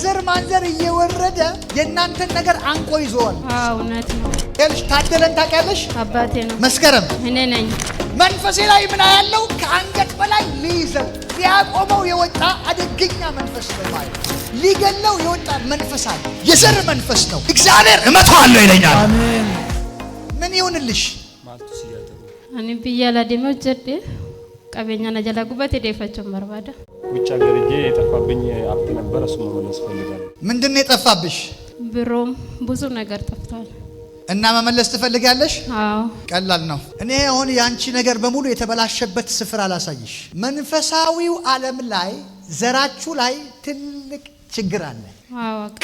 ከዘር ማንዘር እየወረደ የእናንተን ነገር አንቆ ይዞዋል። እውነት ነው። ልሽ ታደለን ታውቂያለሽ? አባቴ ነው። መስከረም እኔ ነኝ። መንፈሴ ላይ ምን ያለው ከአንገት በላይ ሊይዘው ሊያቆመው የወጣ አደገኛ መንፈስ ነው ማለት ሊገለው የወጣ መንፈስ አለ። የዘር መንፈስ ነው። እግዚአብሔር እመታዋለሁ ይለኛል። አሜን። ምን ይሁንልሽ? አኒ ብያ ላዲኖች ጀዴ ቀቤኛ ነጀላ ጉበት ሄደ መርባዳ ውጭ ሀገር ሄጄ የጠፋብኝ ሀብት ነበር። እሱ መመለስ ፈልጋለሁ። ምንድን ነው የጠፋብሽ? ብሮም ብዙ ነገር ጠፍቷል እና መመለስ ትፈልጋለሽ? አዎ፣ ቀላል ነው። እኔ አሁን የአንቺ ነገር በሙሉ የተበላሸበት ስፍራ አላሳይሽ። መንፈሳዊው ዓለም ላይ ዘራችሁ ላይ ትልቅ ችግር አለ።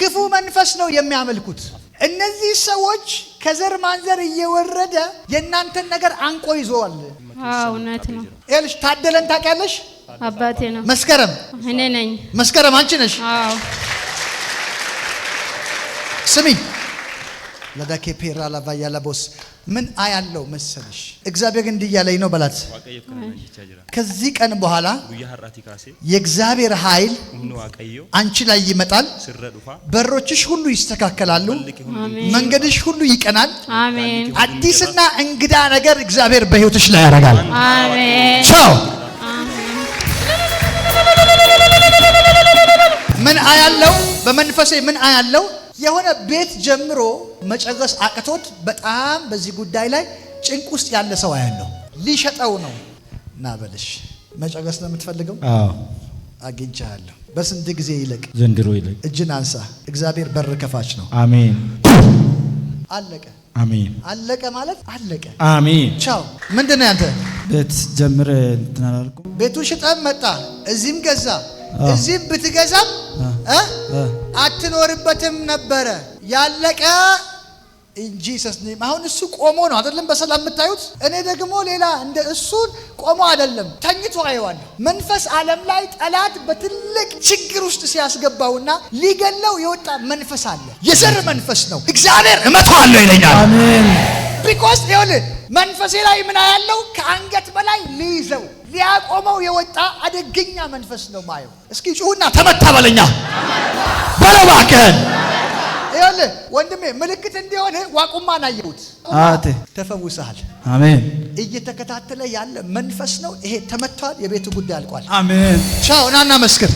ክፉ መንፈስ ነው የሚያመልኩት። እነዚህ ሰዎች ከዘር ማንዘር እየወረደ የእናንተን ነገር አንቆ ይዘዋል። እውነት ነው። ታደለን ታውቂያለሽ? አባቴ ነው። መስከረም እኔ ነኝ። መስከረም አንቺ ነሽ። ስሚ ለዳኬ ፔራ ላቫያ ላቦስ ምን አያለው መሰለሽ፣ እግዚአብሔር እንዲህ እያለኝ ነው በላት። ከዚህ ቀን በኋላ የእግዚአብሔር ኃይል አንቺ ላይ ይመጣል። በሮችሽ ሁሉ ይስተካከላሉ፣ መንገድሽ ሁሉ ይቀናል። አዲስና እንግዳ ነገር እግዚአብሔር በሕይወትሽ ላይ ያደርጋል። ቻው ምን አያለው? በመንፈሴ ምን አያለው? የሆነ ቤት ጀምሮ መጨረስ አቅቶት በጣም በዚህ ጉዳይ ላይ ጭንቅ ውስጥ ያለ ሰው አያለው። ሊሸጠው ነው እና በልሽ መጨረስ ነው የምትፈልገው? አግኝቻለሁ። በስንት ጊዜ ይለቅ? ዘንድሮ ይለቅ። እጅን አንሳ። እግዚአብሔር በር ከፋች ነው። አሜን። አለቀ። አሜን። አለቀ ማለት አለቀ። አሜን። ቻው። ምንድን ነው ያንተ ቤት ጀምረ እንትን አላልኩም። ቤቱ ሽጠን መጣ፣ እዚህም ገዛ እዚህም ብትገዛም አትኖርበትም ነበረ። ያለቀ ኢንጂሰስ ኔም። አሁን እሱ ቆሞ ነው አይደለም በሰላም የምታዩት። እኔ ደግሞ ሌላ እንደ እሱን ቆሞ አይደለም ተኝቶ አየዋለሁ። መንፈስ ዓለም ላይ ጠላት በትልቅ ችግር ውስጥ ሲያስገባውና ሊገለው የወጣ መንፈስ አለ። የዘር መንፈስ ነው። እግዚአብሔር እመታዋለሁ ይለኛል። ቢኮስ ቢኮዝ ይኸውልህ መንፈሴ ላይ ምን ያለው ከአንገት ሊያቆመው የወጣ አደገኛ መንፈስ ነው ማየው። እስኪ ጩሁና ተመታ በለኛ በለው ይኸውልህ ወንድሜ ምልክት እንዲሆን ዋቁማን አየሁት። አት ተፈውሰሃል። አሜን። እየተከታተለ ያለ መንፈስ ነው ይሄ። ተመቷል። የቤቱ ጉዳይ አልቋል። አሜን። ቻው ናና መስክር